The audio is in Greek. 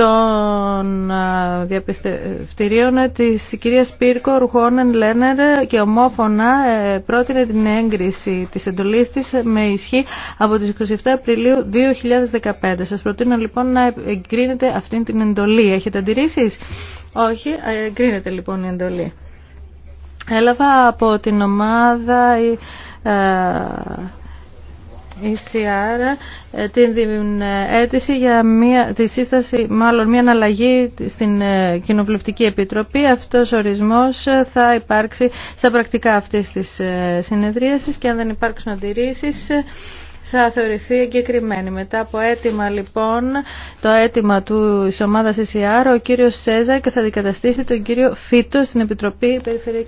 των διαπιστευτηρίων της κυρίας Πύρκο Ρουχόνεν Λένερ και ομόφωνα ε, πρότεινε την έγκριση της εντολής της με ισχύ από τις 27 Απριλίου 2015. Σας προτείνω λοιπόν να εγκρίνετε αυτή την εντολή. Έχετε αντιρρήσεις? Όχι, ε, εγκρίνεται λοιπόν η εντολή. Έλαβα από την ομάδα... Ε, η ε, ΣΥΑΡ ε, την ε, αίτηση για μια, τη σύσταση, μάλλον μια αναλλαγή στην Κοινοβουλευτική Επιτροπή. Αυτός ορισμός θα υπάρξει στα πρακτικά αυτής της συνεδρίασης και αν δεν υπάρξουν αντιρρήσεις θα θεωρηθεί εγκεκριμένη. Μετά από αίτημα λοιπόν, το αίτημα του ομάδα ΕΣΥΑΡ, ο κύριος Σέζα και θα δικαταστήσει τον κύριο Φίτο στην Επιτροπή Περιφερειακή.